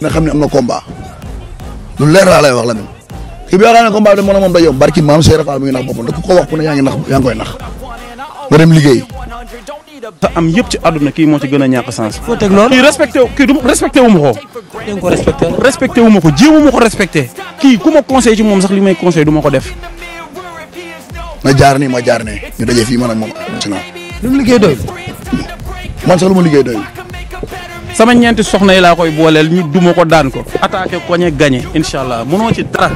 nga xam ne am na combat lu leer laa lay wax la même kii bi yaakaar ne combat bi de moom da yomb barki maam ngi nax boppam da ko wax ku ne yaa ngi nax yaa ngi nax nga dem liggéey. te am yëpp ci àdduna kii moo ci gën a ñàkk sens. foo teg loolu kii respecté kii du respecté wu ma ko. respecté wu respecté wu ma ko jéemu ma ko respecté. kii ku ma conseil ci moom sax li may conseil du ma ko def. ma jaar ni ma jaar ne ñu daje fii man ak moom ci naaw. li mu liggéey doyul. man sax lu ma liggéey doyul. sama ñeenti soxna yi laa koy booleel ñu duma ko daan ko attaqué koñe gagné incha allah mënoo ci dara.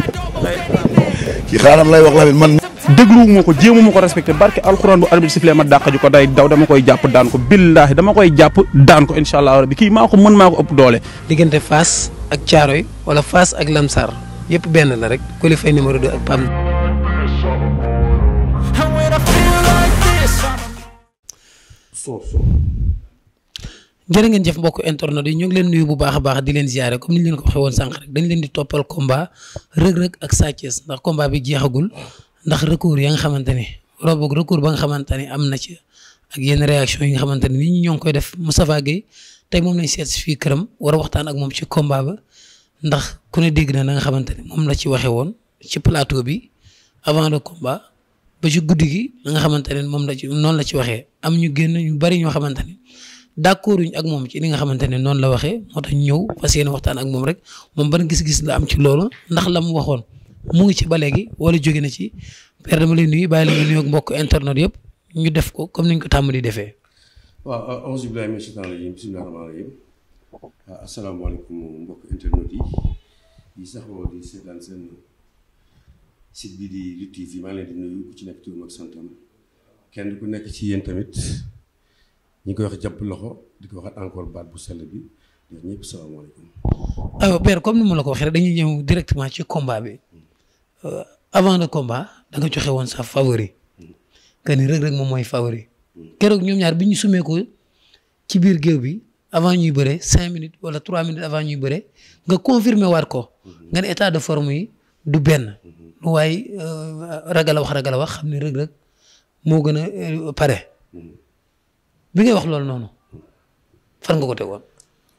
ci xaaral lay wax man. dégluwuma ko jéemuma ko respecté barke alxuraan bu arbitre siflee ma dàq ju ko day daw dama koy jàpp daan ko billaahi dama koy jàpp daan ko incha allah rabbi kii maa ko mën maa ko ëpp doole. diggante Fass ak yi wala Fass ak Lamsar yépp benn la rek Coly numéro 2 ak jërë ngeen jëf mbokk internet yi ñu ngi leen nuyu bu baax a baax di leen ziare comme ni ñu leen ko waxee woon sànq rek dañ leen di toppal combat rëg-rëg ak Sa Thiès ndax combat bi jeexagul ndax recours ya nga xamante ni roboog recours ba nga xamante ni am na ci ak yenn réaction yi nga xamante ni nit ñi ñoo ngi koy def Moustapha Gueye tey moom lañ seet fii këram war a waxtaan ak moom ci combat ba ndax ku ne dégg na na nga xamante ni moom la ci waxee woon ci plateau bi avant le combat ba ci guddi gi nga xamante ne moom la ci noonu la ci waxee am ñu génn ñu bari ñoo xamante ni d'accord uñ ak moom ci li nga xamante ne noonu la waxee moo tax ñëw fas yéene waxtaan ak moom rek moom ba ban gis-gis la am ci loolu ndax la mu waxoon mu ngi ci ba léegi wala jóge na ci père dama lay nuyu mbokk internet yëpp ñu def ko comme niñ ko tàmm di defee. waaw euh, auzu billaahi mina shaytaani rajiim bismillaahi rahmaani rahiim euh, yi sax woo di seetaan seen kenn ku nekk ci yéen tamit. ñu koy wax jàpp loxo di ko waxaat encore baat bu sell bi di wax ñëpp salaamaaleykum. alors père comme ni ma la ko waxee dañuy ñëw directement ci combat bi euh, avant le combat da nga joxe woon sa favori que ni Reug Reug moom mooy favori keroog ñoom ñaar bi ñu sumee ko ci biir géew bi avant ñuy bëree cinq minutes wala trois minutes avant ñuy bëre nga confirmer waat ko nga ne état de forme yi du benn lu waaye euh, ragal a wax ragal a wax xam ne Reug Reug moo gën a euh, pare. bi ngay wax loolu noonu fan nga ko tegoon.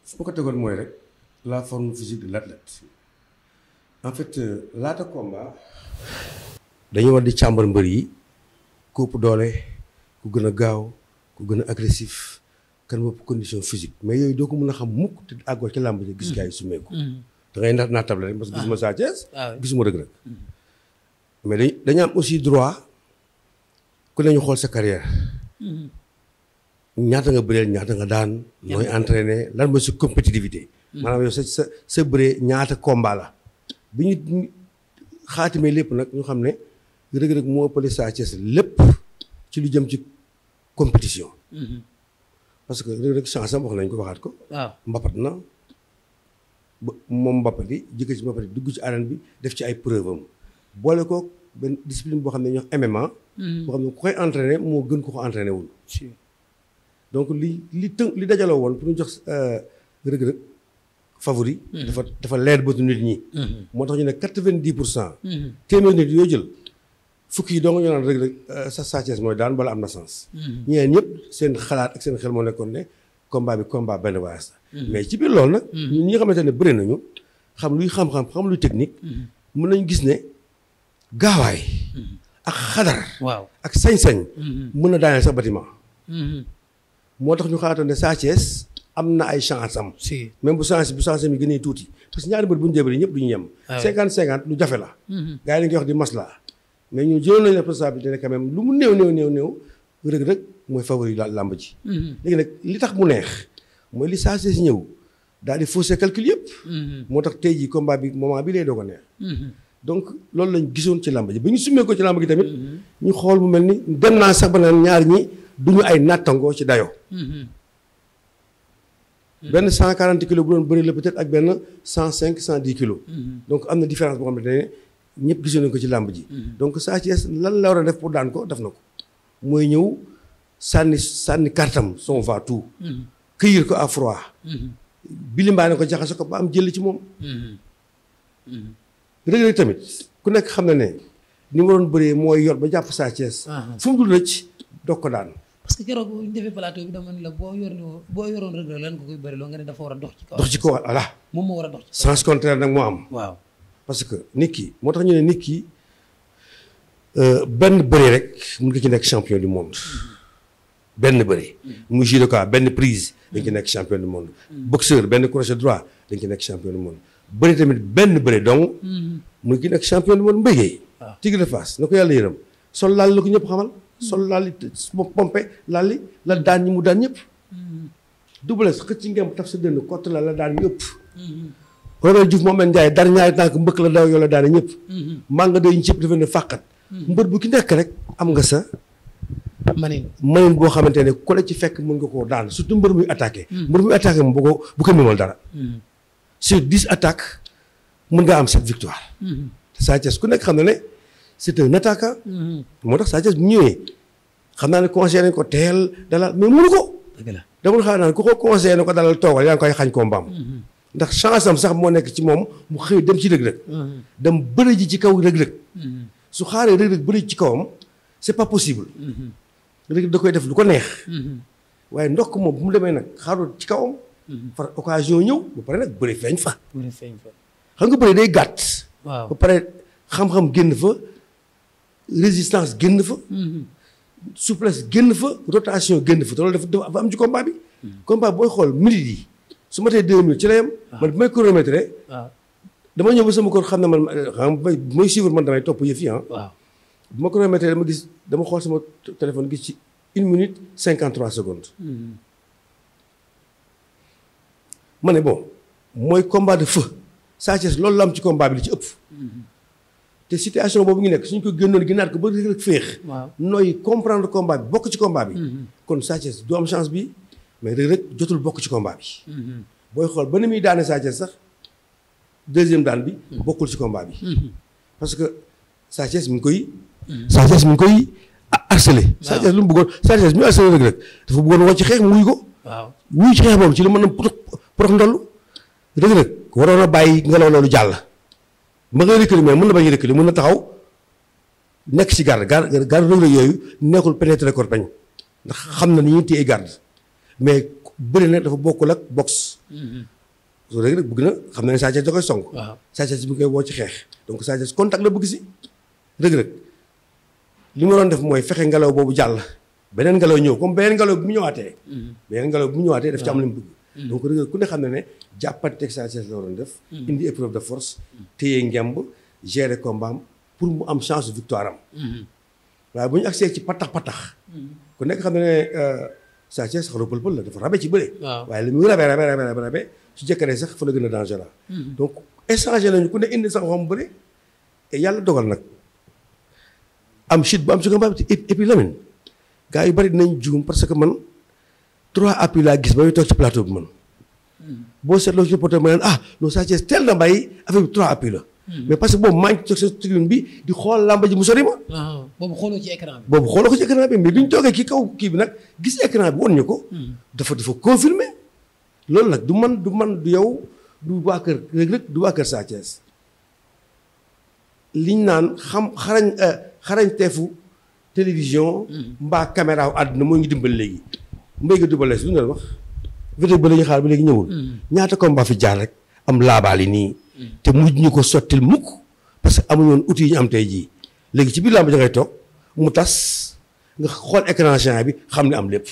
fu ko tegoon mooy rek la forme physique de l'athlète en fait euh, laata combat. dañu war di càmbar mbër yi ku ëpp doole ku gën a gaaw ku gën a agressif kan bopp condition physique mais yooyu doo ko mën a xam mukk te àggoo ci làmb gis mm. gars yi sumeeku. Mm. da ngay naat naa table rek parce que gisuma ah. Sa Thiès ah gisuma Reug Reug mm. mais dañu dañu am aussi droit ku ne ñu xool sa carrière. ñaata nga bëree ñaata nga daan. nooy entraîner lan mooy sa compétitivité. Hmm. maanaam yow sa sa sa bëree ñaata combat la. bi ñu xaatimee lépp nag ñu xam ne Reug Reug moo ëppale Sa Thiès lépp ci lu jëm ci compétition. Hmm. parce que Reug Reug chance am wax nañ ko waxaat ko. waaw mbapat na. ba moom mbapat yi jëkkër ci mbapat yi dugg ci arène bi def ci ay preuve am boole ko benn discipline boo xam ne ñu wax MMA. boo xam ne koy entraîner moo gën ko ko entraîner donc li li të li dajaloo woon pour ñu jox euh, rëg-rëg favori mmh. dafa dafa leer bëtu nit ñi mmh. moo tax ñu ne quatre-vingt-dix pour cent mmh. téeméer nit yoo jël fukki yi doo nga ñoo naan rëg-rëg euh, sa Sathiès mooy daan bala am na sens ñeneen ñëpp seen xalaat ak seen xel moo nekkoon ne combat bi komba benn waas la mais ci biir loolu nag ñun ñi nga xamante ne bëri nañu xam luy xam-xam xam luy technique mën nañu gis ne gaawaay ak xadar waaw ak sañ-sañ mën na daaneel sax bâtiment moo tax ñu xalaatoon ne Sa Thiès am na ay chance am. si même bu chance bu chance mi gënee tuuti parce que ñaari mbër bu ñu jëbëri ñëpp du ñu yem. Ah cinquante cinquante lu jafe la. Mhm. gars yi dañu koy wax di masla mais ñu jëloon nañu responsabilité ne quand même lu mu néew néew néew néew Reug mooy favori làmb ji. Mhm. léegi nag li tax mu neex mooy li Sa Thiès ñëw daal di fausser calcul yëpp. Mhm. moo tax tey jii combat bi moment bi lay doog a neex. donc loolu lañ gisoon ci làmb ji ba ñu summee ci làmb ji tamit. ñu xool mu mel ni dem naa sa ba ñi. du ñu ay nattangoo ci dayoo. Mm-hmm. benn cent quarante kilos bu doon bëri la peut-être ak benn cent cinq cent dix kilo mm-hmm. donc am na différence boo xam ne ñëpp gisoon nañu ko ci làmb ji. Mm-hmm. donc Sa Thiès lan la war a def pour daan ko def na ko. mooy ñëw sànni sànni kartam son va tout. ko à froid. bilimbaane ko jaxas ko ba am jël ci moom. Reug Reug tamit ku nekk xam na ne ni mu doon bëree mooy yor ba jàpp Sa Thiès. Ah, ah. fu mu dul rëcc dog ko daan. parce que keroog bu ñu defee plateau bi dama ne la boo boo yoroon Reug Reug lan nga koy bëri loo nga ne dafa war a dox ci kaw. dox moom moo war a dox ci sens contraire nag moo am. waaw parce que nit ki moo tax ñu ne nit ki euh, benn bëri rek mu ngi ci nekk champion du monde. Mm-hmm. benn bëri. Mm-hmm. mu judoka benn prise. Mm-hmm. dañ nekk champion du monde. boxeur benn crochet droit dañ ci nekk champion du benn bëri donc. mu ngi ci nekk champion du monde face na ko yàlla yërëm sol laal la ko ñëpp xamal. sol laal li pompe laal li la daan ñi mu daan ñëpp. Mm-hmm. Double Less xëcc ngeen taf sa dënn kott la la daan ñëpp. Mm-hmm. René Diouf Mohamed Ndiaye dar ñaari tànk mbëkk la daw yoo la daan ñëpp. mànga mm-hmm. doy mbër bu ki nekk rek am nga sa. manin manin boo xamante ne ku ci fekk mën nga koo daan surtout mbër muy attaqué. mbër muy attaqué moom bu ko bu dara. sur dix attaques mën nga am sept victoire. Sa Thiès ku nekk xam na ne. c'est un attaquant. Mm-hmm. moo tax Sa Thiès ñëwee xam naa ne conseillé nañ ko teel dalal mais mënu ko. dëgg la demul xaar naa ku ko conseillé na ko dalal toogal yaa ngi koy xañ ko mbaam. Mm-hmm. ndax chance am sax moo nekk ci moom mu xëy dem ci rëg-rëg. Mm-hmm. dem bëri ji ci kaw rëg-rëg. su xaaree rëg-rëg bëri ci kawam c'est pas possible. rëg da koy def lu ko neex. waaye ndokk moom bu mu demee nag xaarul ci kawam. par occasion ñëw ba pare nag bëri feeñ fa. fa xam nga bëri day gàtt. waaw ba pare xam-xam fa. résistance génn fa. souplesse génn fa rotation génn fa te loolu dafa am ci compa bi. combat booy xool minutes yi su ma tee deux minutes ci la yem. Ah. man ah. dama ñëw sama koor xam ne man xam nga mooy man damay topp yëf yi ah. ma chronométré dama xool sama téléphone gis ci une minute cinquante trois secondes. Mm-hmm. ne bon mooy combat de feu Sa Thiès loolu la am ci combat bi li ci ëpp. Mm-hmm. te situation boobu ngi nekk suñ ko génnoon gënaat ko ba rek rek féex. waaw comprendre combat bi bokk ci combat bi. Mm-hmm. kon Sa Thiès du am chance bi mais rek rek jotul bokk ci combat bi. Mm-hmm. ba ni muy daane Sa Thiès sax bi. Mm-hmm. bokkul ci combat bi. parce que Sa mu mi ngi koy. Sa Thiès mi ngi koy harcelé. waaw Sa Thiès lu mu bëggoon Sa Thiès mi ngi harcelé rek rek dafa bëggoon xeex mu ko. wuy ci xeex boobu ci la mën a prox ndollu rek rek waroon a bàyyi ngelaw loolu jàll. ma ngay reculer mais mën na bañ a reculer mën na taxaw nekk ci garde garde garde Reug Reug yooyu nekkul pénétrer corps bañ ndax xam na ni ñuy téye garde mais bëri nag dafa bokkul ak boxe. soo mm-hmm. léegi nag bëgg na xam na ne Sa da koy song. waaw Sa Thiès bi ngi ci xeex. donc Sa Thiès contact la bëgg si Reug Reug li ma doon def mooy fexe ngelaw boobu jàll beneen ngelaw ñëw comme beneen ngelaw bi mu ñëwaatee. Mm-hmm. beneen ngelaw bi mu ñëwaatee def ci am li mu bëgg. donc rëg ku ne xam ne ne jàppante saa si la waroon def mm. indi épreuve de force téye ngemb gérer combat pour mu am chance victoire am mm. waaye bu ñu agsee ci patax patax mm. ku nekk xam ne ne euh, saa si sax rëbbal bël la dafa rabe ci bëre waaye li muy rabe rabe rabe rabe su jëkkaree sax fa la gën a dangereux donc échanger lañu ku ne indi sax xam bëre et yàlla dogal nag am chute bu am su ko mbaam et puis Lamine gars yu bari dinañ juum parce que man trois appui laa gis ba ñu toog ci plateau bi man boo seetloo ci porté ma naan ah non Sa Thiès teel na bàyyi affaire trois appui hmm. mais parce que boobu maa ngi toog sa tribune bi di xool ah, boobu xooloo ci écran bi. boobu xooloo ko ci écran mais bi ñu toogee ci kaw kii bi nag gis écran bi wan ñu ko. Hmm. dafa dafa confirmer loolu nag du man du man du yow du waa kër Reug Reug du waa kër Sa Thiès liñ naan xam xarañ euh, xarañ teefu télévision. Hmm. mbaa caméra wu àdduna ngi dimbali léegi. mbéy ga Double Less du ñu wax. vidéo ba la ñuy xaar ba léegi ñëwul. ñaata combat fi jaar rek am laabaal yi nii. te mujj ñu ko sottil mukk parce que amuñu woon outil yi ñu am tey jii léegi ci biir làmb ja ngay toog mu tas nga xool écran géant bi xam ne am lépp.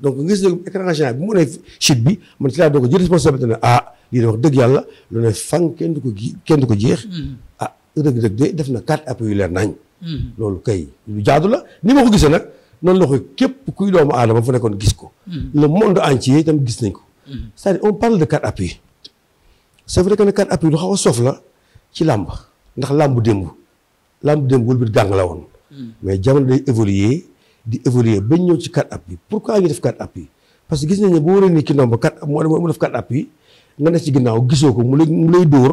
donc nga gis ne écran géant bi mu ne chute bi man ci laa doog a jël responsabilité ne ah lii de wax dëgg yàlla lu ne fan kenn du ko kenn du ko jeex. ah dëgg-dëgg de def na quatre appels yu leer nañ. Mm. loolu kay lu noonu la ko képp kuy doomu aadama fu nekkoon gis ko. Hmm. le monde entier itam gis nañ ko. Hmm. c'est-à-dire on parle de quatre appuis. c'est vrai que ne quatre appuis lu xaw a soof la ci làmb ndax làmb démb làmb démb wul bi gàng la woon. Hmm. mais jamono day évoluer di évoluer ba ñëw ci quatre appuis pourquoi ñu def quatre appuis parce que gis nañ boo waree ni ki nomba mu def quatre appuis nga ne ci ginnaaw gisoo ko mu lay mu lay dóor.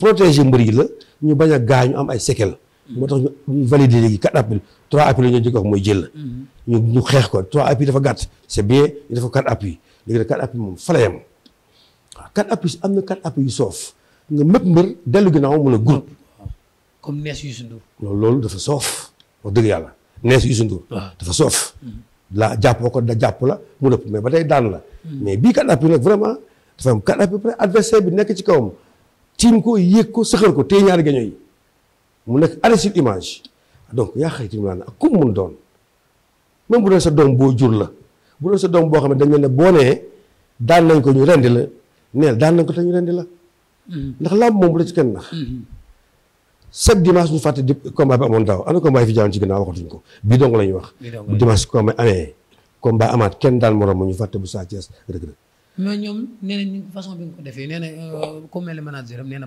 protéger mbër yi la ñu bañ a gaañu am ay séquelles. moo tax ñu validé léegi quatre appels trois appels la ñu jëkk wax mooy jël la. Mm-hmm. ñu ñu xeex ko trois appels dafa gàtt. c' est bien ñu def ko quatre moom fa la yem waaw quatre am na quatre appels yu soof nga mépp mbër dellu ginnaaw mu la groupe. comme nees Youssou Ndour. loolu loolu dafa soof wax dëgg yàlla nees Youssou Ndour. Ah. dafa soof. Mm-hmm. la jàpp jàppoo ko da jàpp la mu nëpp mais ba tey daan la. Mm-hmm. mais bii quatre appels nag vraiment dafa am quatre appels après bi nekk ci kawam. tiim ko yéeg ko sëxal ko téye ñaari gaño yi. mu nekk arrêt sur image donc yaa xayti mu ak ku mun doon même bu doon sa doom boo jur la bu doon sa doom boo xam ne dañ ne boo nee daan nañ ko ñu rendi la neel daan nañ ko te ñu rendi la mm-hmm. ndax làmb moom la ci kenn nax mm-hmm. chaque dimanche ñu fàtte di combat bi amoon daaw ana combat yi fi jaaroon ci ko bii dong la ñuy wax bu dimanche combat amee combat amaat kenn daan moroom mu ñu fàtte bu Sa Thiès Reug Reug mais ñoom nee nañ façon bi nga ko defee nee na euh, ku mel ne manager luñ la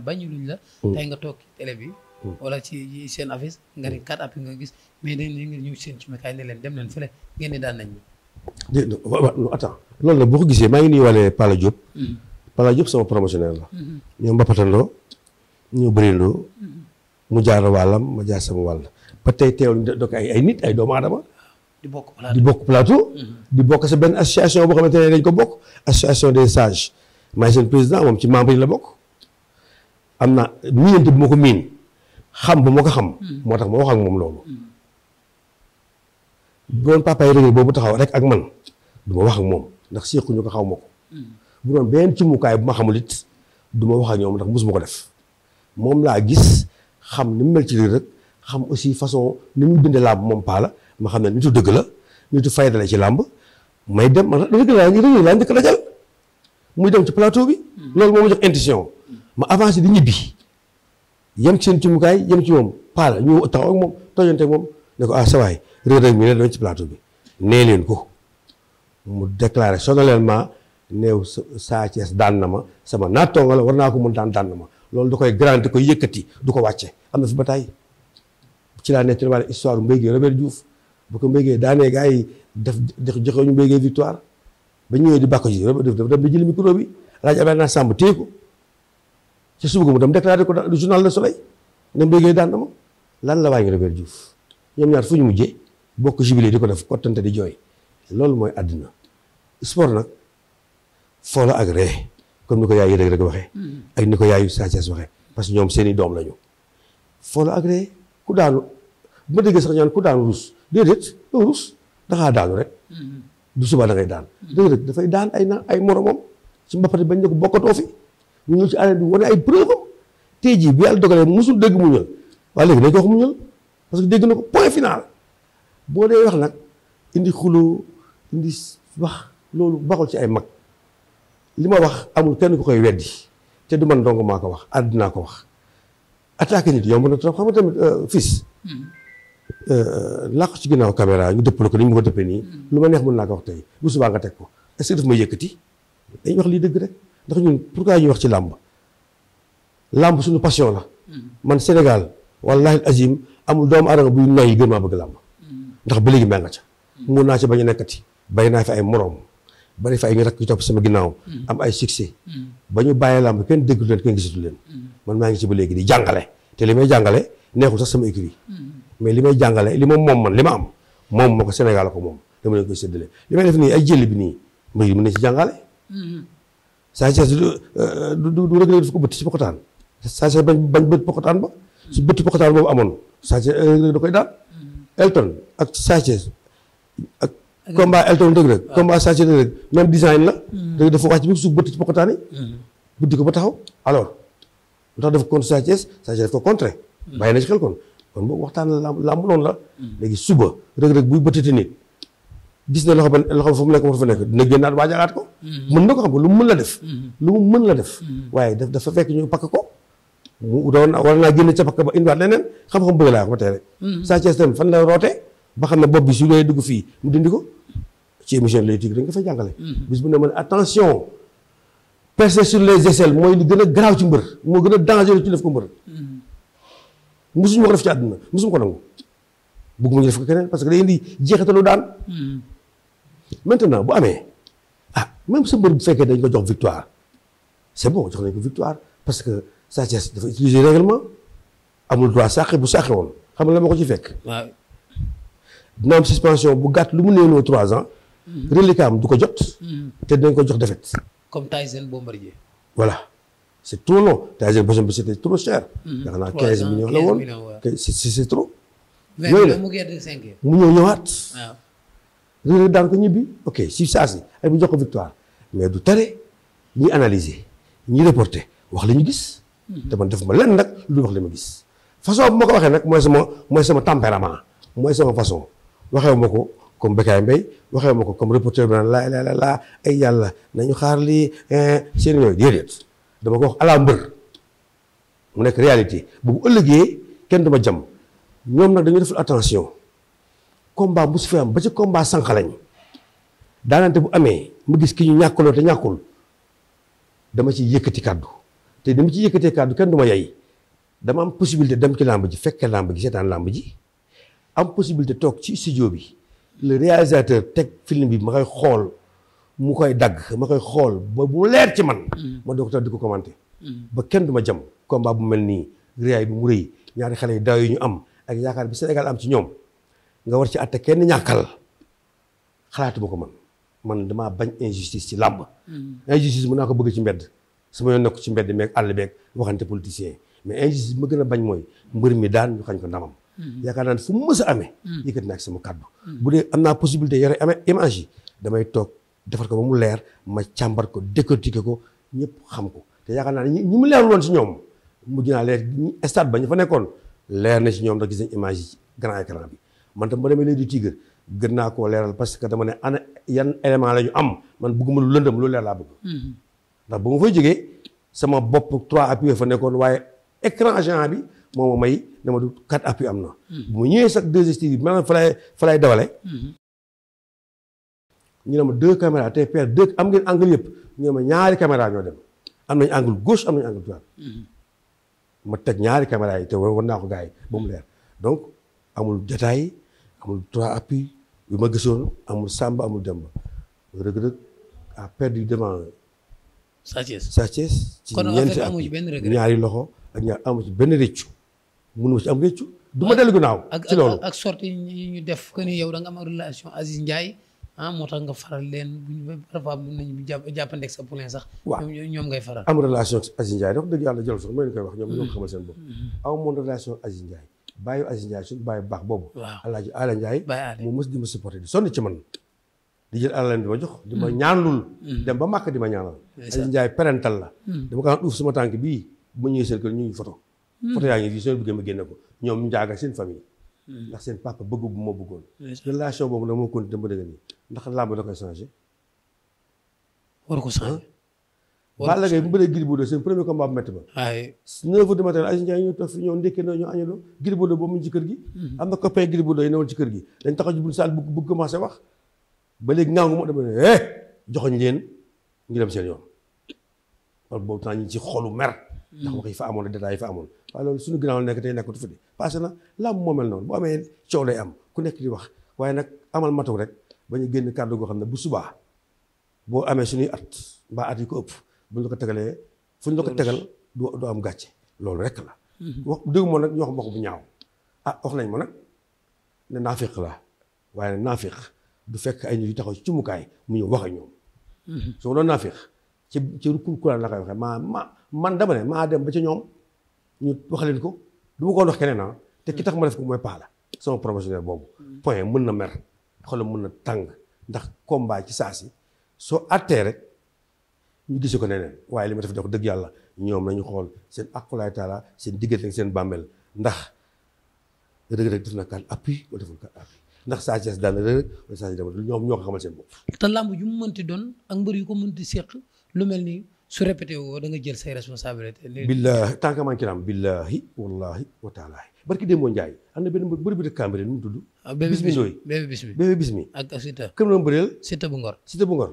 mm. tey nga toog télé bi Mm. wala ci seen office nga ne mm. quatre appui nga gis mais dañ leen nga ñëw seen ci mekaay ne leen dem leen fële ngeen ne daan nañ ñu dé waaw attends loolu la boo ko gisee maa ngi nuyuwaale Pala Diop mm-hmm. Pala Diop sama promotionnaire la mm-hmm. ñoo mbappatandoo ñoo bëriloo mm-hmm. mu jaar wàllam ma jaar sama wàll ba tey teewul donc ay nit ay doomu aadama di bokk plateau di bokk plateau. di bokk sa benn association boo xamante ne dañ ko bokk. association des sages maay seen président moom ci membre yi la bokk na miinante xam ba ma ko xam. Hmm. moo tax ma wax ak moom loolu. Hmm. bu doon papa yi boobu taxaw rek ak man du wax ak moom ndax sequñu ko xaw ma ko. Hmm. bu doon benn cimukaay bu ma xamul it du ma wax ak ñoom ndax mosuma ko def moom laa gis xam ni mu mel ci lii rek xam aussi façon ni mu bindee làmb moom paa la ma xam ne nitu dëgg la nitu fayda la ci làmb may dem ma rëgg laa rëgg laa njëkk dajal muy dem ci plateau bi. loolu moo ma jox intention ma avancé di ñibbi. yem ci seen ci moom paal ñu taxaw ak moom tojante moom ne ko ah sa waay Reug mi ne doon ci plateau bi nee leen ko mu déclaré solennellement néew Sa Thiès daan na ma sama naattoonga la war naa ko mun daan daan ma loolu du koy grand ko koy yëkkati du ko wàcce am na fi bataay ci laa nekk ci wàllu histoire Mbaye Guèye Robert Diouf bu ko Mbaye Guèye daanee gars yi def joxe ñu Mbaye Guèye victoire ba ñëwee di bàkko ji Robert Diouf dafa dem di jël micro bi rajo Abdoulaye Samb téye ko ci suba mu dem déclaré ko dans le journal Le Soleil daan na la waaye Robert Diouf ñoom ñaar fu ñu bokk jubilé di di jooy loolu mooy àddina sport la ak ree comme ni ko yaayu rek rek waxee. Hmm. ak ni ko yaayu Sa Thiès parce que ñoom seeni doom lañu. foo la ak ku daanu bu ma déggee ku daanu ruus déedéet doo ruus dangaa daanu rek. Hmm. du suba hmm. ay na su mbappati bañ ne ko bokkatoo ñu ngi ci année bi wane ay preuve tey jii bu yàlla dogalee mosul dégg mu ñëw waaye léegi dañ wax mu ñëw parce que dégg na ko point boo dee wax nag indi xuloo indi loolu baxul ci ay mag li ma wax amul kenn ku koy weddi te du man dong maa ko wax àddinaa ko wax attaqué nit yomb na trop xam nga tamit euh, fils hmm. euh, làqu ci ginnaaw caméra ñu dëppale ko ni ñu ma ko dëppee nii hmm. lu ma neex mën naa ko wax tey bu subaa nga teg ko est-ce que daf ma yëkkati dañ wax lii dëgg rek ndax ñun pourquoi ñuy wax ci làmb làmb suñu passion la. man Sénégal wallahi azim amul doomu aadama buy noyyi gën maa bëgg làmb. ndax ba léegi mel na ca. mun naa ci bañ a nekkati. bay naa fi ay moroom. bari fa ay ñu rakk yu sama ginnaaw. am ay succès. ba ñu bàyyee làmb kenn déggu leen kenn gisatu leen. man maa ngi ci ba léegi di jàngale. te li may jàngale neexul sax sama écrit. mais li may jàngale li ma moom man li ma am. moom moo ko Sénégal ko moom dama leen koy séddale li may def nii ay jëli bi nii mbir mi mën na ci jàngale. saa sees euh, du du du Reug Reug su ko bëtt ci pokotaan saa bañ bañ bëtt pokotaan ba su bëtt pokotaan boobu amoon saa sees Reug da koy daan Elton ak saa sees ak combat Elton Reug Reug ah. combat même design la hmm. Reug dafa wàcc bi su bëtt ci pokotaan buddi hmm. ko ba taxaw alors lu tax def ko contre saa sees saa sees daf ko contrer hmm. bàyyi na ci xel kon kon boobu waxtaan la làmb noonu la léegi suba Reug Reug buy bëttati nit gis na loxo ba loxo fu mu nekk moo fa nekk dina génnaat waajalaat ko. Mm-hmm. mën na ko xam nga lu mu mën la def. Mm-hmm. lu mu mën la def. Mm-hmm. waaye dafa fekk ñu pakk ko. mu war naa génn ca pakk ba indiwaat leneen xam-xam bëgg rek. Sa Thiès bi jàngale. bis bu ne ma ne attention. percer sur mooy li gën a garaaw ci mbër moo gën a dangereux ci def ko mbër. mosuñu ko def ci àdduna mosuñu ko nangu. bëgguma ñu def ko keneen parce que day indi jeexitalu daan. maintenant bu amee ah même sa mbër bu fekkee dañ ko jox victoire c'est bon jox nañ ko victoire parce que Sathiès dafa utiliser règlement amul droit sàqi bu sàqi woon xam nga la ma ko ci fekk. waaw dina am bu gàtt lu mu néewloo trois ans. Mm. reliquat am du ko jot. Mm. te dañ ko jox défaite. comme Tyson Bombardier. voilà c'est trop long Tyson Bombardier c'était trop cher. Mm. yaakaar naa 15 millions la woon 15 millions c'est trop. yooyu la mu ñëw ñëwaat. Reug Reug daan ko ñibbi ok si saa si ak bu jox ko victoire mais du tere ñuy analyser ñi reporter wax lañu ñu gis. Hmm. te def ma lenn nag lu wax la ma gis. façon bu ma ko waxee nag mooy sama mooy sama tempérament mooy sama façon waxee ma ko comme Bécaye Mbaye waxee ma ko comme reporter bi naan laa laa laa ay yàlla nañu xaar lii seen yooyu déedéet dama ko wax ala mbër mu nekk réalité bu ëllëgee kenn duma jam ñoom nag dañu defal attention. combat bu su fi am ba ci combat sànq lañ daanante bu amee mu gis ki ñu ñàkkuloo te ñàkkul dama ci yëkkati kàddu te dama ci yëkkatee kàddu kenn du ma yay dama am possibilité dem ci làmb ji fekkee làmb ji seetaan làmb ji am possibilité toog ci studio bi le réalisateur teg film bi ma koy xool mu koy dagg ma koy xool ba bu leer ci man. ma doog tax di ko commenté. ba kenn du ma jam comba bu mel nii réyaay bi mu rëy ñaari xale yi daaw yi ñu am ak yaakaar bi Sénégal am ci ñoom. nga war ci àtte kenn ñàkkal xalaatuma ko man man damaa bañ injustice ci làmb mm. injustice mu naa ko bëgg ci mbedd sama yoon nekk ci mbedd meeg àll beeg waxante politicien mais injustice bi ma gën a bañ mooy mbër mi daan ñu xañ ko ndamam mm. yaakaar naa ne fu mu mës a amee mm. yëkkati naa ci sama kàddu bu dee am naa possibilité yore amee image damay toog defar ko ba mu leer ma càmbar ko décortiquer ko ñëpp xam ko te yaa naa ne ñi mu ñoom mujj naa leer stade ba ñu nekkoon leer na ci ñoom ndax gis nañ image yi man tam ba demee léegi du tigre gën naa ko leeral parce que dama ne ana yan élément la ñu am man bëgguma lu lëndëm lu leer laa bëgg. Mhm. ndax ba ma fay jógee sama bopp trois appui fa nekkoon waaye écran géant bi moo ma may dama du quatre am na. Mhm. ñëwee sax deux estives bi fa lay fa mhm. ne ma deux caméras tey am ngeen angle yëpp ñu ne ma ñaari caméra ñoo dem am nañ angle gauche am nañ angle droite. ma teg ñaari caméra yi te war naa ko gaay yi mu leer donc amul jataay. amul trois appuis yu ma gisoon amul Samba amul Demba Reug Reug a perdu devant. Sa Thiès Sa Thiès ci ñaari loxo ak ñaar amu ci benn rëccu mënuma du ma dellu ginnaaw ci loolu ak sortie yi ñu def que ni yow da am relation Aziz Ndiaye ah moo tax nga faral leen buñ parfois mën nañu jàppandeeg sa poulain sax. koy wax ñoom ñoo ko xamal moon mm-hmm. relation Aziz Ndiaye. bàyyi Aziz Ndiaye suñu bàyyi baax boobu. waaw alaaji Ala Ndiaye. mu mës di ma supporté di sonn ci man. di jël alal di ma jox. di ma hmm. ñaanlul. Hmm. dem ba màkk di ma ñaanal. Aziz Ndiaye parental la. Hmm. dama ko daan tànk bii bu ma ñëwee seen ñu ngi foto. yaa ngi fii soo bëggee ma génne ko ñoom njaaga seen famille. seen papa bëgg bu ma bëggoon. relation boobu nag moo continué ba dëgg ndax làmb da koy changé. war ko Balla Gaye bu bëree Gris Bordeaux seen premier combat bu métti ba waaye neuf heures du matin Aziz Ndiaye mhm. dañ taxaw ci buñ saal bu bu commencé ba léegi ngaangu moo dama ne eh joxoñ leen ngi seen yoon loolu boobu temps ñu ci xolu mer mhm. ndax wax yi fa amoon détails fa amoon waaye suñu ginnaaw nekk tey nekkatu fi di passé na làmb moo mel noonu bu amee coow lay am ku nekk di wax waaye nag amal matu rek ba ñu génn kàddu goo xam ne bu subaa boo amee suñuy at mbaa at yi ko ëpp bu ñu ko tegalee fu ñu la ko tegal du du am gàcce loolu rek la. Mhm. wax dégg moom nag ñu wax wax bu ñaaw ah wax nañ ma nag ne naafiq la waaye naafiq du fekk ay nit yu taxaw ci cumukaay mu ñëw wax ak ñoom. Mhm. soo doon naafiq ci ci rukkul la koy ma man dama ne maa ba ca ñoom ñu wax leen ko du ma ko wax keneen ah. te ki mhm. tax ma def ko mooy paa la sama promotionnaire boobu. point mën na mer xolam mun na tàng ndax combat ci saa si soo àttee rek. ñu gise ko neneen waaye li def def dëgg yàlla ñoom nañu xool seen akulaay taala seen diggante seen bàmmeel ndax Reug Reug na quatre appuis wala deful quatre ndax Sa Thiès Sa Thiès ñoo ko xamal seen bopp. te làmb ju mu ti doon ak mbër yi ko ti séq lu mel ni su répété woo da nga jël say responsabilité billahi tant que man ki naam billahi wallahi wa taalaahi barki Njaay am na benn mbër bëri bi dëkk Cambérène nu mu tudd bis mi ndooy bébé bis mi bébé bis mi ak Siteu këm loon bëreel Siteu bu ngor Siteu bu ngor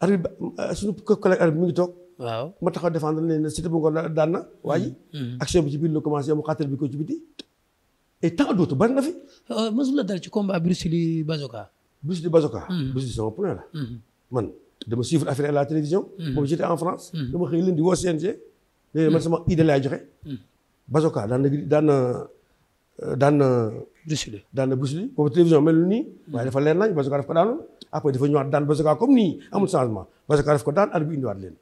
arbitre suñu collègue arbitre mi ngi toog. waaw ma taxaw défendre ne ne Siteu daan na waa ji. Hmm. action bi ci biir commencé mu xaatal bi ko ci biti. et tant d'autres bari na fi. Euh, mosul la dal ci combat Bruce Lee Bazoka. Bruce Lee hmm. hmm. man dama ma affaire à la télévision. boobu j'étais en France. dama leen di woo CNG. léegi man sama idée laay joxe. Bazoka daan na daan na euh, daan na. Bruce Lee daan na Bruce Lee boobu télévision nii. waaye dafa leer nañ Bazoka daf ko daanoon. après dafa ñëwaat daan Bazooka comme nii amul changement Bazooka def ko daan at bi indiwaat leen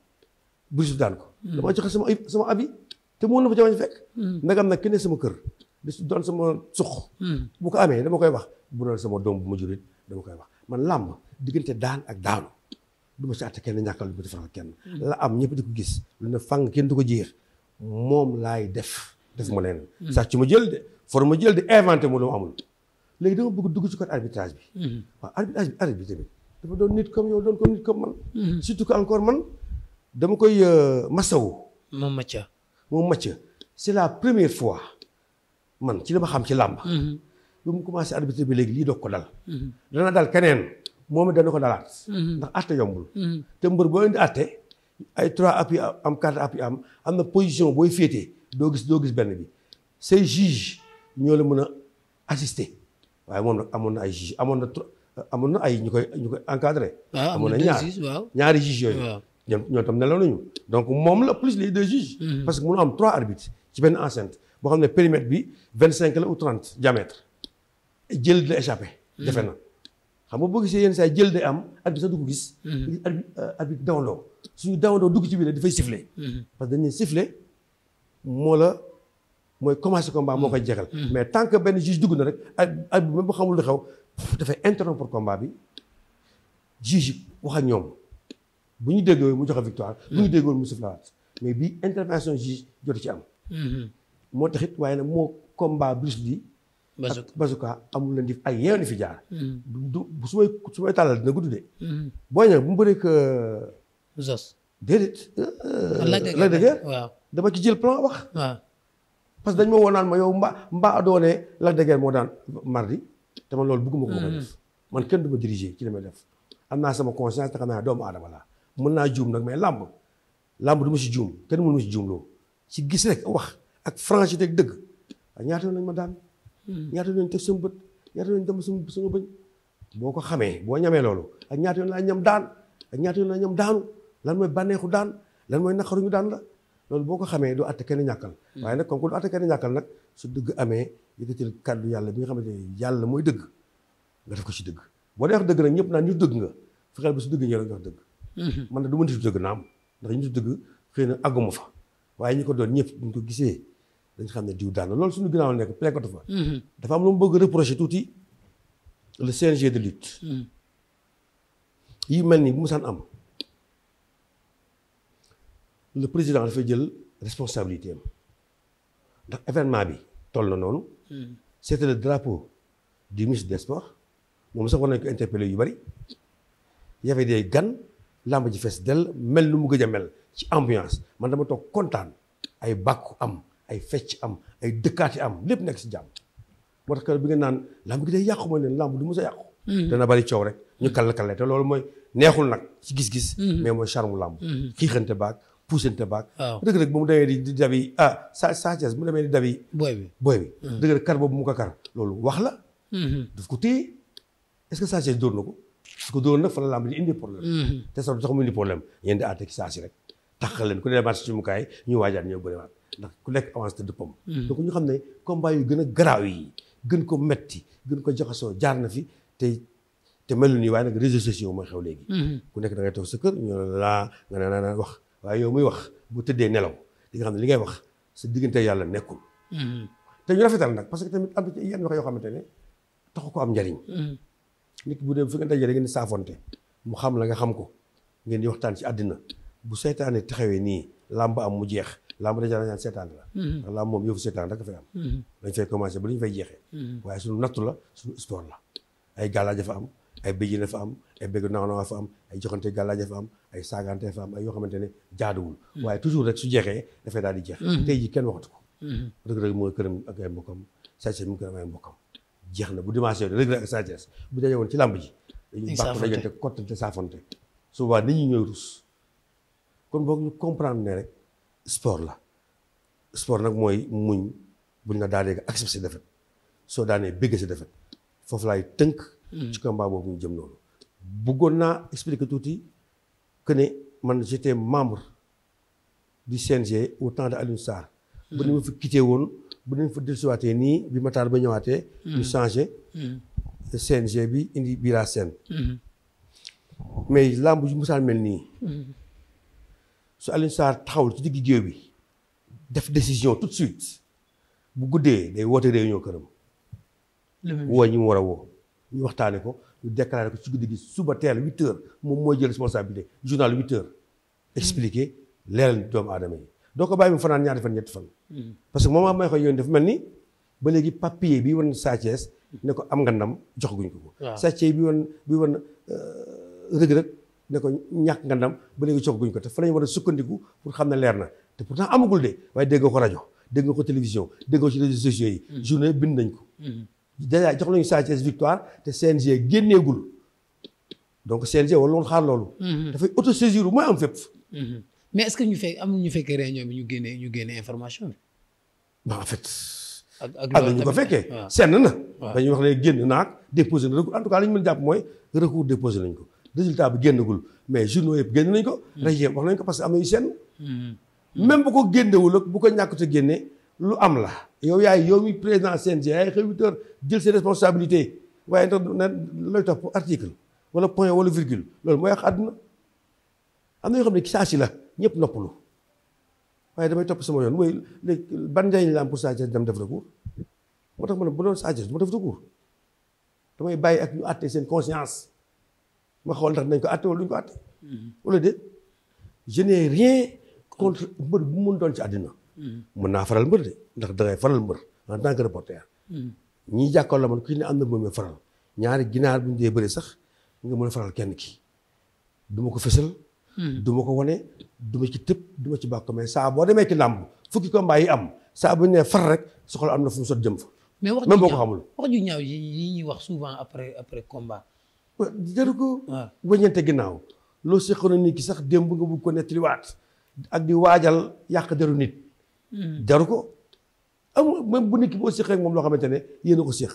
Brise daan ko. Hmm. dama joxe sama sama abi te mën na fa jafe fekk. Hmm. ndagam nag kenn sama kër. di doon sama suq. Hmm. bu ko amee dama koy wax bu doon sama doom bu ma jurit dama koy wax man làmb diggante daan ak daanu du ma si àtte kenn ñàkkal du ma ci faral di ko gis lu ne fang kenn du ko jeex moom laay def def ma leen. sax ci ma jël de for mu lu amul. léegi dama bëgg dugg ci côté arbitrage bi. Mhm. waaw arbitrage bi arbitre bi tamit dafa doon nit comme yow doon comme nit comme man. Mhm. surtout que encore man dama koy euh, masawu. moom Mathia. moom Mathia c'est la première fois man ci li ma xam ci làmb. Mhm. bi mu commencé arbitre bi léegi lii dog ko dal. dana dal keneen moom it dana ko dalaat. ndax àtte yombul. te mbër boo indi àtte ay trois am quatre appui am am na position booy féetee doo gis doo gis benn bi. say juge ñoo la mën a waaye moom amoon na ay juge amoon na trop amoon na ay ñu koy ñu koy encadré. Ah, amoon na ñaar ñaari juge yooyu. ñoom ñoo tam nelaw nañu. donc moom la plus les deux juges. Mm-hmm. parce que mënoo am trois arbitres ci benn enceinte boo xam ne périmètre bi vingt cinq la ou trente diamètre jël di la mm-hmm. defe na xam nga boo gisee yenn saa jël de am arbitre sax du ko gis. Mm-hmm. Euh, arbitre dawandoo suñu dawandoo dugg ci biir dafay siffler. parce que dañuy siffler mooy commencé combat moo mm. koy jeexal. Mm. mais tant que benn juge dugg na rek ak ak même bu xamul lu xew dafay interrompre combat bi juge wax ak ñoom bu ñu déggoo mu joxe victoire. bu ñu mm. déggoo mu sifflawaat mais bi intervention juge jot ci am. Mm-hmm. moo taxit waaye nag moo combat Bruce Lee. ak Bazooka amul la ndif ak yeneen fi jaar. su may su may tàllal dina gudd de. Mm-hmm. booy ñëw bu mu bëree que. Euh, déedéet. Euh, Lac de Guiers waaw dama ci jël plan wax. parce que dañ ma woo ma yow mba mbaa doone la dëgër moo daan mardi te man loolu bëgguma ko ma def mm-hmm. man kenn du ma diriger ci li def am naa sama conscience te xam naa doomu aadama laa mën naa juum nag mais làmb làmb du ma si juum kenn mënu ma si juum loo ci gis rek wax ak franchité ak dëgg ñaata yoon lañ ma daan mm-hmm. ñaata yoon lañ teg sama bët ñaata yoon dem sama sama boo ko xamee boo ñamee loolu ak ñaata yoon laa ñam daan ak ñaata yoon laa ñam daanu lan mooy bànneexu daan lan mooy naqaruñu daan la loolu boo ko xamee du atte kenn ñàkkal hmm. waaye nag comme que du atte kenn ñàkkal nag su dëgg amee yëkkatil kàddu yàlla bi nga xamante ne yàlla mooy dëgg nga def ko ci dëgg boo dee dëgg nag ñëpp naan ñu dëgg nga fexeel su dëgg ñëw rek nga wax hmm. man na du ma nitu dëgg naam ndax nitu dëgg xëy na àgguma fa waaye ñu ko doon ñëpp buñ ko gisee dañ xam ne diw daan na loolu suñu ginnaaw nekk plaigote fa hmm. dafa am lu mu bëgg reproché tuuti le CNG de lutte yi mel ni bu mu saan am le président dafa jël responsabilité am ndax événement bi toll na noonu. Hmm. c'était le drapeau du ministre des moom sax war nañu ko interpeller yu bari. y avait des gan làmb ji fes dell mel nu mu gëj a mel ci ambiance man dama toog kontaan ay bàkku am ay fecc am ay dëkkaati am lépp nekk si jàmm. moo tax bi nga naan làmb gi day yàqu mooy leen làmb du mos a yàqu. Hmm. dana bari coow rek ñu kàlla kàlla te loolu mooy neexul nag ci gis-gis. Hmm. mais mooy charme làmb. puusante baag. waaw Reug Reug ba mu demee di dabi ah Sa Sa Thiès mu demee di dabi. booy bi booy bi. Reug hmm. Reug kar boobu mu ko kar loolu wax la. Hmm. daf ko téye est-ce que Sa Thiès dóor na ko. su ko dóoroon nag fa la lamb ji indi problème. Hmm. te sax tax mu indi problème yéen di àtte ci saa si rek. taxal leen ku ne marché ci mukaay ñu waajaat ñoo bëriwaat ndax ku lekk avance te dëppam. donc ñu xam ne combat yu gën a garaaw yi gën ko metti gën ko jaxasoo jaar na fi te te melu nii waaye nag réseaux sociaux mooy xew léegi. ku nekk da ngay toog sa kër ñu la nga naan wax. waaye yow muy wax bu tëddee nelaw di nga xam ne li ngay wax sa diggante yàlla nekkul. Mm-hmm. te ñu rafetal nag parce que tamit am na wax yoo xamante ne taxu ko am njariñ. Mm-hmm. nit bu dee fi nga dajee da ngeen di saafonte mu xam la nga xam ko ngeen di waxtaan ci àddina bu seetaanee taxawee nii làmb am mu jeex làmb dèjà dañu ñaan seetaan la. Mm-hmm. ndax làmb moom yëfu seetaan rek fa am. dañ fay commencé ba dañu fay jeexee. waaye suñu nattu la suñu histoire la ay gàllaaj dafa am. ay bëj la fa am ay bëgg naanaa fa am ay joxante gàllaaje fa am ay saagante fa am ay yoo xamante ne jaaduwul. Hmm. waaye toujours rek su jeexee dafay daal di jeex. Hmm. tey jii kenn waxatu ko. Hmm. rëg-rëg mooy këram ak ay mbokkam Sathiès mu këram ay mbokkam jeex na bu dimanche rek rëg-rëg ak Sathiès bu daje woon ci làmb ji. dañuy bàq saafante souvent nit ñi ñëw rus kon boog ñu comprendre ne rek sport la sport nag mooy muñ buñ la daanee nga accepté si defet soo daanee bëgg si defet foofu laay tënk. ci combat boobu ñu jëm loolu. bëggoon naa expliquer tuuti que ne man j'étais membre du CNG au temps de Alioune Sarr. Hmm. bu ni ma fi quitté woon bu ni ma fa dellusiwaatee nii bi Matar ba ñëwaatee. ñu hmm. changé. Hmm. CNG bi indi Bira Sène. mais làmb ji musaan mel nii. su Alioune Sarr taxawul ci digg géew bi. def décision tout de suite bu guddee day woote réunion këram. woo ñi mu war woo. ñu waxtaane ko ñu déclaré ko ci guddi gi suba teel huit heures moom mooy jël responsabilité journal huit heures expliqué leeral doomu aadama yi doo ko bàyyi mu fanaan ñaari fan ñetti fan parce que moom a may koy yoon dafa mel ni ba léegi papier bi wan Sathiès ne ko am ngandam ndam joxaguñ ko ko Sathiès bi wan bi wan euh, rëg-rëg ne ko ñàkk nga ndam ba léegi guñ ko te fa lañu war a sukkandiku pour xam ne leer na te pourtant amagul de waaye dégg nga ko rajo dégg nga ko télévision dégg nga ko ci réseaux sociaux yi mm. journée bind nañ ko mm. déjà jox nañu Sa Thiès victoire te CNG génneegul donc CNG wala woon xaar loolu. Mhm. dafay autosaisir mooy am fépp. Mhm. mais est-ce que ñu fekk ñu fekkee réunion bi ñu génnee ñu génnee information bi. ba en fait. ak na ñu ko fekkee. senn na. dañuy wax ne génn naag déposé na recours en tout cas li ñu mën jàpp mooy recours déposé nañ ko résultat bi génnagul mais journaux yëpp génn nañ ko. Mhm. région wax nañ ko parce que am na yu senn. même bu ko génnewul ak bu ko ñàkkute génnee. lu am la yow yaay yow mi président CNG yaay xëy huit heures jël ses responsabilités waaye ndax na looy topp article wala point wala virgule loolu mooy yàq àdduna am na yoo xam ne saa si la ñëpp noppalu waaye damay topp sama yoon mooy léegi ban njëriñ la am pour Sa Thiès dem def recours moo tax ma bu doon Sa Thiès du ma def damay bàyyi ak ñu àtte seen conscience ma xool ndax nañ ko àtte wala duñ ko mm-hmm. wala déet je n'ai rien contre bu mun doon ci àddina mën naa faral mbër de ndax dangay faral mbër en tant que reporter. ñii ne am na moom faral ñaari ginaar bu ñu dee bëri sax nga mën a faral kenn kii duma ko fësal. du ma ko wane du ci tëb du ma ci bàkk mais saa boo demee ci làmb fukki combat yi am saa bu ñu far rek soxla am na fu mu sot jëm fa. mais wax même boo ko xamul. wax ju ñaaw yi ñuy wax souvent après après combat. jaru ko. waaw wëññeente ginnaaw. loo seqoon nit ki sax démb nga bugg ko nettaliwaat. ak di waajal yàq deru nit. Hmm. jaru ko amul même bu nit ki boo séqee ak moom loo xamante ne yéen a ko séq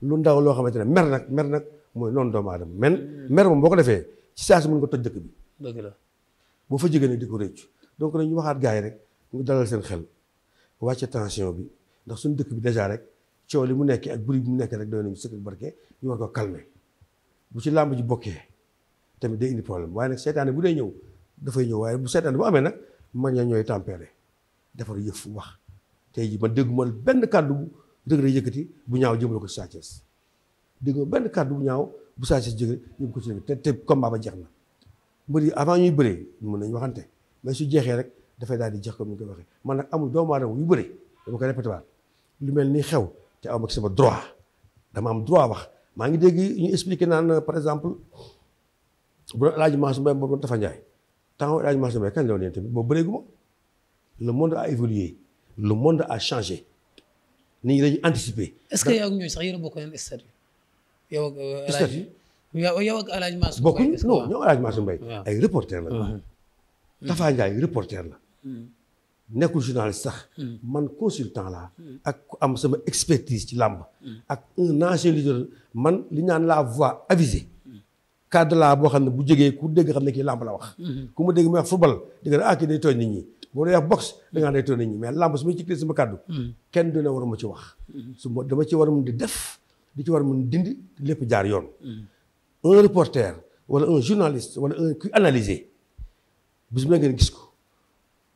lu ndaw loo xamante ne mer nag mer nag mooy noonu doomu aadama men hmm. mer moom boo ko defee ci saa si mën nga toj dëkk bi dëgg la boo fa jógee nag di ko rëccu donc nag waxaat gars yi rek mu dalal seen xel wàcce tension bi ndax suñ dëkk bi dèjà rek coow li mu nekkee ak bruit bi mu nekkee rek doy nañu sëkk barke ñu war ko calmer bu ci làmb ji bokkee tamit day indi problème waaye nag seetaane bu dee ñëw dafay ñëw waaye bu seetaane bu amee nag man ñooy tempéré defar yëf wax tey ji man dégguma benn kàddu bu Reug Reug yëkkati bu ñaaw jëmale ko ci Sa benn kàddu bu ñaaw bu Sa Thiès jëkkati jëm ko ci te te combat ba jeex na ba yi avant ñuy bëree mën nañu waxante mais su jeexee rek dafay daal di jeex comme ni ñu koy waxee man nag amul doomu aadama yu bëree dama ko répété waat lu mel ni xew te am ak sama droit dama am droit wax maa ngi dégg ñu expliqué naan par exemple bu doon El Hadj Mansour Mbaye boobu doon Tafa Ndiaye temps El Hadj Mansour Mbaye kañ le monde a évolué le monde a changé nit ñi dañu anticiper. est-ce que yow ñooy sax yéen a bokk même statut. yow ak euh, El Hadj yow ak El Hadj Mansour bokkuñ non ñoom El Hadj Mansour Mbaye ay reporter la. Mm-hmm. Tafa mm-hmm. nekkul journaliste sax. Mm-hmm. man consultant la ak ku am sama expertise ci làmb. ak un ancien leader man li ñaan la voix avisée. cadre laa boo xam ne bu jógee ku dégg xam ne kii làmb la wax. ku mu dégg mu wax football di nga ne ah kii day nit ñi. boo dee wax boxe da ngaa day toog nit ñi mais làmb su ma ci tee sama kàddu hmm. kenn du ne waruma ci wax su ma dama ci war mun di def di ci war mun dindi lépp jaar yoon hmm. un reporter wala un journaliste wala un ku analyser bis bu ngeen gis ko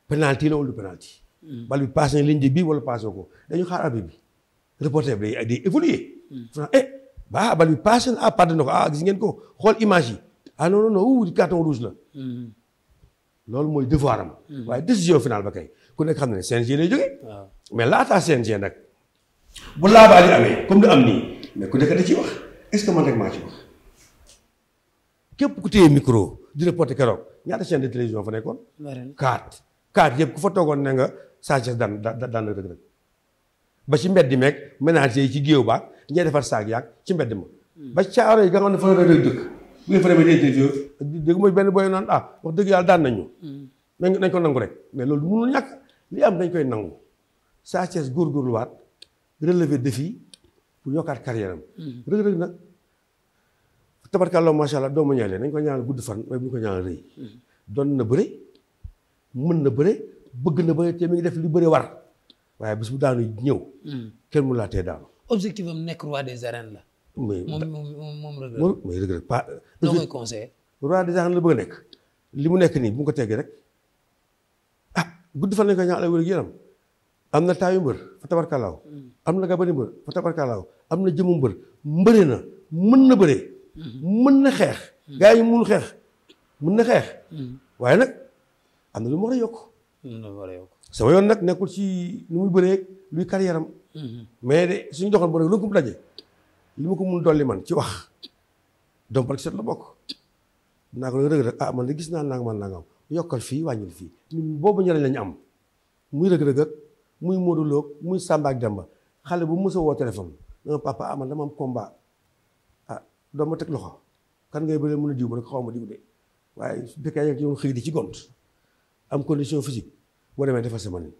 penalty la wala penalty hmm. bal bi passé na ligne de bii wala passé ko dañu xaar abi bi reporter bi day day évoluer fana eh baa bal bi passé na ah pardon na ko ah gis ngeen ko xool image yi ah non non non wuu carton la loolu mooy devoir am. Mm-hmm. waaye décision finale ba kay ku nekk xam ne CNG lay jógee. Ah. mais laataa CNG nag bu laabaa di amee comme di am nii mais ku nekk da ciy wax est man rek maa ci wax. képp ku téye micro di reporté keroog ñaata chaîne de télévision fa nekkoon. kaat kaat yëpp ku fa toogoon ne nga Sathiès daan daan na rëgg-rëgg ba ci mbedd meeg ménager yi ci géew ba ñee defar saak yaag ci mbedd ma. Mm. ba caaro yi nga ne fa la dëkk. bu ngeen fa demee mooy benn naan ah wax dëgg daan nañu hmm. nañ nañ ko nangu rek mais loolu mënul ñàkk li am dañ koy nangu Sa góor góorgóorluwaat relever défi pour yokkaat carrière am hmm. Reug Reug nag tabarkàlla macha allah doomu ñaale nañ ko ñaanal gudd fan waaye bu ñu ko ñaanal rëy hmm. doon na bëre mën na bëre bëgg na bëre te mi ngi def li bëre war waaye bis bu daanu ñëw kenn mu laatee daanu objectif am nekk roi des arènes la moom moom moom la gën mooy la gën la bëgg a li mu nekk nii bu ko teggee rek ah gudd fan lañu ko ñaan am na taayu mbër fa tabarkalaaw. Mm. am na gabari mbër fa tabarkalaaw am na jëmu mbër mbëre na mën na bëree. Mm-hmm. na xeex. Mm. gars yi mënul xeex mën na xeex. Mm. waaye nag am na lu mu war a yokk. yoon nag nekkul ci nu muy bëree luy carrière am mm-hmm. mais de suñu doxal ba rek lu ko daje. li ma ko mun dolli man ci wax doom par set la bokk naa ko rëg rëg ah man de gis naa nanga man nangam yokkal fii wàññil fii ñun boobu ñeneen lañu am muy rëg rëg ak muy Modou Lo xale bu mës woo téléphone dama papa ah man dama am combat ah ma teg loxo kan ngay bëree mën xaw ma diw de waaye su fekkee yaa ngi di ci gont am condition physique boo demee defal sama nii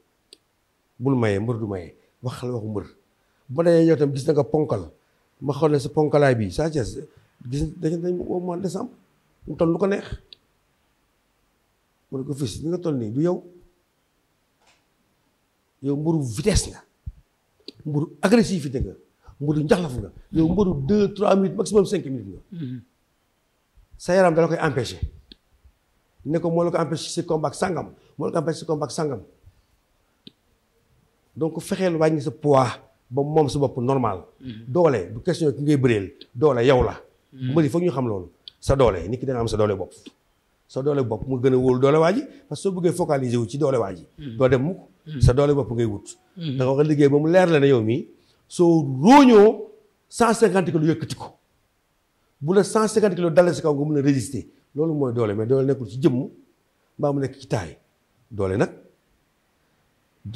bul maye mbër du maye waxal waxu mbër bu ma dee yow tam gis na nga ponkal. ma xool ne sa ponkalaay bi Sa Thiès gis dañ dañ au mois de décembre mu toll lu ko neex mu ne ko fis ni nga toll nii du yow yow mburu vitesse nga mburu agressivité nga mburu njaxlaf nga yow mburu deux trois minutes maximum cinq minutes nga mm-hmm. sa yaram dala koy empêché ne ko moo la ko empêché si combat sangam moo la ko empêché si combat sangam donc fexeel wàññi sa poids ba moom su bopp normal. Mm-hmm. doole bu question ki ngay bëreel doole yow la. Mm-hmm. mbëri foog ñu xam loolu sa doole nit ki dana am sa doole bopp. sa doole bopp mu gën a wóolu doole waa ji parce que wu ci doole waa ji. Mm-hmm. doo dem mukk sa ngay wut. da wax liggéey ba mu leer la ne yow mii soo róoñoo cent cinquante kilos yëkkati ko bu la cent cinquante kilos dalee si kaw nga mun a résister loolu mooy doole mais doole nekkul ci jëmm mbaa mu nekk ci taay doole nag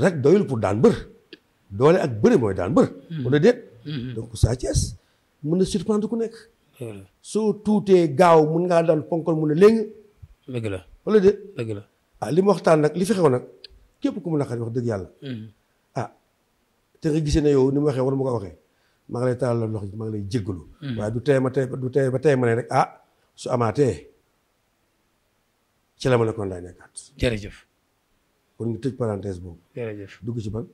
rek doyul pour daan bër. doole ak bëre mooy daan bër. Hmm. wala déet. Hmm. donc saa Thiès mën na surprendre ku nekk. soo tuutee gaaw mun ngaa daan ponkol mun a léegi. la wala déet. dëgg la ah li mu waxtaan nag li fi xew nag képp ku mu naqari wax dëgg yàlla. Hmm. ah te nga gisee na yow ni mu waxee war ma ko waxee. maa ngi lay taal la loxo ji maa ngi lay jéggalu. waaye du tey ma tey du tey ba tey ma ne rek ah su amaatee ci la ma nekkoon laay nekkaat. jërëjëf. kon ñu tëj parenthèse boobu. dugg ci ban.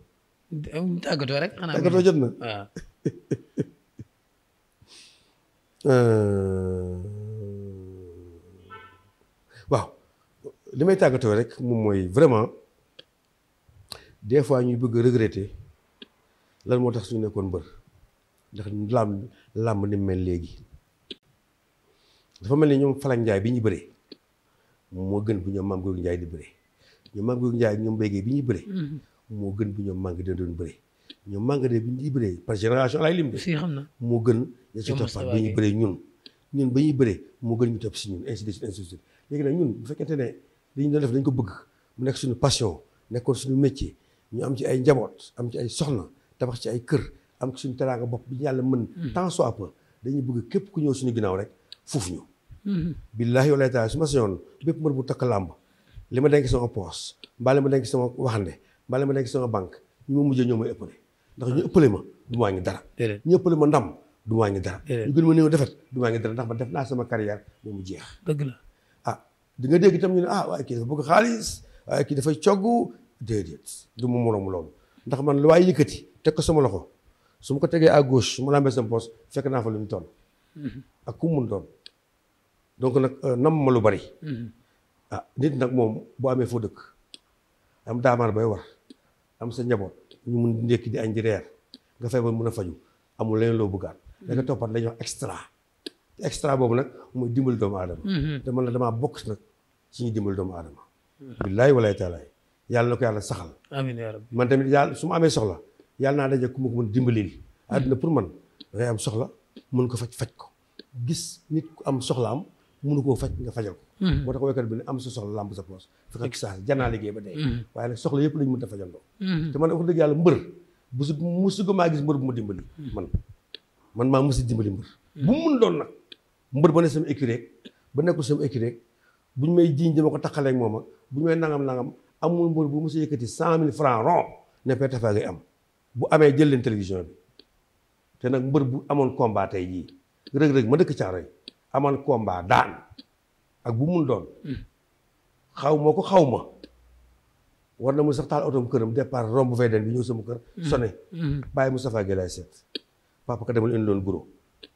tàggatoo rek. xanaa tàggatoo jot na waaw. Euh, waaw li may tàggatoo rek moom mooy vraiment des fois ñuy bëgg regretter lan moo tax suñu nekkoon mbër ndax làmb làmb ni mel léegi dafa mel ni ñoom Fala Ndiaye bi ñu bëree moo gën bu ñoom Mame Gorgui Ndiaye di bëree ñoom Mame Gorgui Ndiaye ñoom Mbaye bi ñu bëree. Mm-hmm. moo gën bu ñoom manqué dina doon bëri ñoom manqué de bi ñuy bëree par génération lay lim de moo gën ña ci toppaat bi ñuy bëree ñun ñun ba ñuy bëree moo gën ñu topp si ñun ainsi de suite ainsi de suite léegi nag ñun bu fekkente ne li ñu doon def dañ ko bëgg mu nekk suñu passion nekkoon suñu métier ñu am ci ay njaboot am ci ay soxna tabax ci ay kër am ci suñu teraanga bopp bi ñu yàlla mën hmm. tant soit peu dañuy bëgg képp ku ñëw suñu ginnaaw rek fuuf ñu hmm. billaahi walaay taala su ma sañoon bépp mbër bu takk làmb li ma denk sama poos mbaa li ma denk sama waxande bala ma nekk sama banque ñu ma mujjee ñoo may ëppale ndax ñu ëppale ma du ma wàññi dara ñu ëppale ma ndam du ma wàññi dara ñu gën ma néew defet du ma wàññi dara ndax ma naa sama carrière moom mu jeex dëgg la ah, di nga dégg itam ñu ne ah waaye kii dafa bëgg xaalis waaye kii dafa cogg déedéet du ma loolu ndax man lu waay yëkkati teg ko sama loxo su ma ko tegee à gauche su ma lambee sama poche fekk naa fa lu mu toll mm-hmm. ak ku mun doon donc nag euh, nam ma lu bari mm-hmm. ah nit nag moom boo amee foo dëkk am daamaar bay war am sa njaboot ñu mun di ndékki di añ di reer nga feebar mun a faju amul leneen loo bëggaat da nga hmm. toppat la ñuy wax extra extra boobu nag mooy dimbal doomu aadama dama hmm. la damaa bokk nag ci ñuy dimbal doomu aadama hmm. billaay walaay taalaay yàlla na ko yàlla saxal amiin yaa rabbi man tamit yàlla su ma amee soxla yàlla naa daje ku ma ko mën dimbalil àdduna pour man dangay am soxla mun ko faj faj ko gis nit am soxla am mënu koo faj nga fajal ko boo hmm. tax waykat bi ne am sa soxla làmb sa poos hmm. fekk ak saa janaa liggéey ba dee hmm. waaye nag soxla yëpp lañ mën a fajandoo te man ma dimbali man man maa mbër bu ne sama écurie ba nekkul sama bu may jiiñ dama ko taxaleeg moom ak bu ñu may nangam nangam amul mbër bu musa yëkkati cent mille francs ron ne Père Tapha ngay am bu amee jël télévision bi te nag mbër bu amoon combat tey jii rëg-rëg ma dëkk caaroy aman combat daan ak bu mun doon hmm. xaw ma ko xaw ma war na mu sax taal otom këram départ romb VDN bi ñëw sama kër hmm. sone hmm. bàyyi Moustapha Gueye laay seet papa ka demal indi loon guro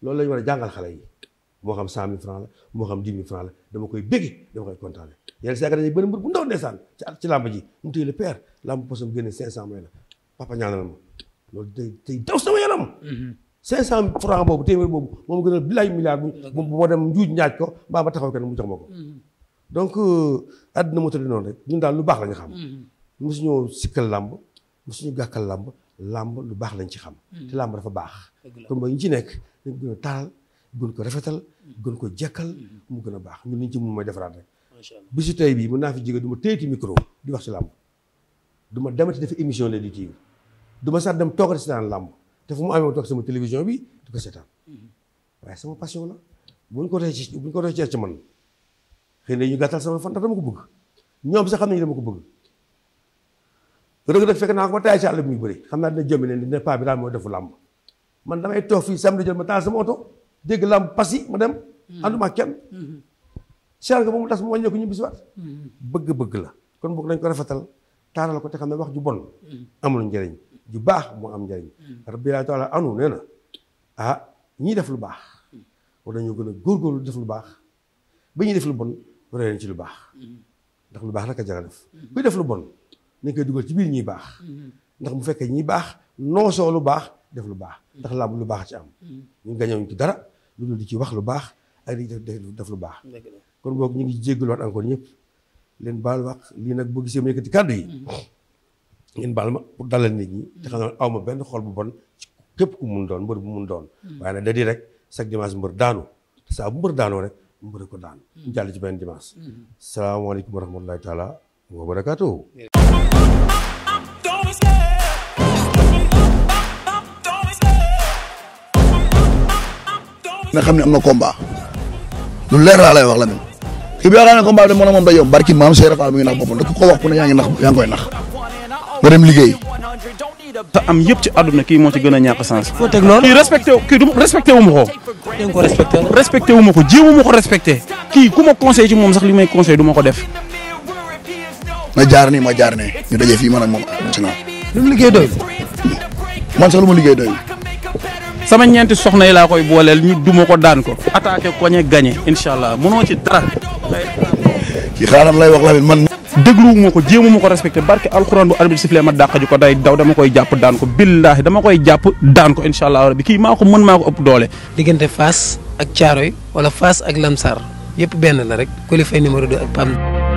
loolu la ñu war a jàngal xale yi moo xam cent mille franc la moo xam dix mille franc la dama koy bégge dama koy kontaane yenn saa dañuy benn mbir bu ndaw ndeysaan ci ci làmb ji mu téye le père làmb posam génne cinq cent may la papa ñaanal ma loolu day day daw sama yaram cinq cent franc boobu téeméer boobu moom gën a bilaay milliard bu ma dem njuuj njaaj ko mbaa ma taxaw kenn mu jox ma ko mm-hmm. donc euh, àddina moo tëdd noonu rek ñun daal lu baax la ñu xam mm-hmm. mosuñu sikkal làmb mosuñu gàkkal làmb làmb lu baax lañ ci xam mm-hmm. te làmb dafa baax kon ba ñu ci nekk dañ gën ko rafetal gën ko jekkal mu gën a baax ñun liñ ci mun mooy defaraat rek bisu tey bii mën naa fi jóge du ma téyeti micro di wax ci làmb du ma demati dafa émission législative du ma sax dem toogati si naan làmb te fu mu amee toog sama télévision bi di ko seetaan waaye sama passion la bu ñu ko doon ci bu ñu ko doon ci man xëy na ñu gàttal sama fan dama ko bëgg ñoom sax xam ne nañu dama ko bëgg. rëgg nag fekk naa ko ma taay ci bëri xam naa dina jëmmi leen dina bi daal moo defu làmb man damay toog fii samedi jël ma taal sama oto dégg làmb pasi ma dem. Mm-hmm. ànduma ak kenn. Mm-hmm. char ga ba mu tas mu wàññeeku ñu bisiwaat. Mm-hmm. bëgg-bëgg la kon boog nañ ko rafetal taaral ko te xam ne wax ju bon amul njëriñ. ju baax mu am njariñ mm. rabbillahi taala anu nee na ah ñii def lu baax war nañoo gën a góor góorgóorlu def lu baax ba ñuy def lu bon war ci lu baax mm-hmm. ndax lu baax rek a jar def mm-hmm. kuy def lu bon nañ dugal ci biir ñuy baax mm-hmm. ndax mu fekkee ñi baax noosoo lu baax def lu baax ndax làmb lu baax ci am ñu gañewuñ ci dara lu dul di ci wax lu baax ak di def lu baax kon boog ñu ngi jéggaluwaat encore ñëpp leen baal wax lii nag boo gisee mu yëkkati kàddu yi ngeen baal ma pour dalal nit ñi ne benn xol bu bon képp ku doon mbër doon waaye rek chaque dimanche mbër daanu te saa bu rek mbër ko daan jàll ci benn dimanche salaamaaleykum wa rahmatulahi taala wa barakaatuhu xam ne am na combat lu leer laa lay wax la même kii bi yaakaar ne combat bi moom moom day yomb barki maam Seydou Fall mi ngi nax boppam da ko wax ku ne yaa ngi nax yaa ngi nax. nga dem liggéey. te am yëpp ci àdduna kii moo ci gën a ñàkk sens. foo teg loolu kii respecté kii du respecté wu ma ko. dégg nga ko respecté ko jéem wu ma ku ma conseil ci moom sax li may conseil du ma ko def. ma jaar nii ma jaar ne ñu daje fii man ak moom national. lu mu liggéey doy. man sax lu ma liggéey doy. sama ñeenti soxna yi laa koy booleel ñu duma ko daan ko. attaqué koñe gagné incha allah mënoo ci dara. ci xaaral lay wax la man. dégluwuma ko jéemuma ko respecté barke alxuraan bu arbitre sifflé ma dàq ji ko day daw dama koy jàpp daan ko billaahi dama koy jàpp daan ko incha allah rabbi kii maa ko mën maa ko ëpp doole. diggante Fass ak Thiaroye wala Fass ak Lamsar yëpp benn la rek Coly li numéro 2 ak PAM.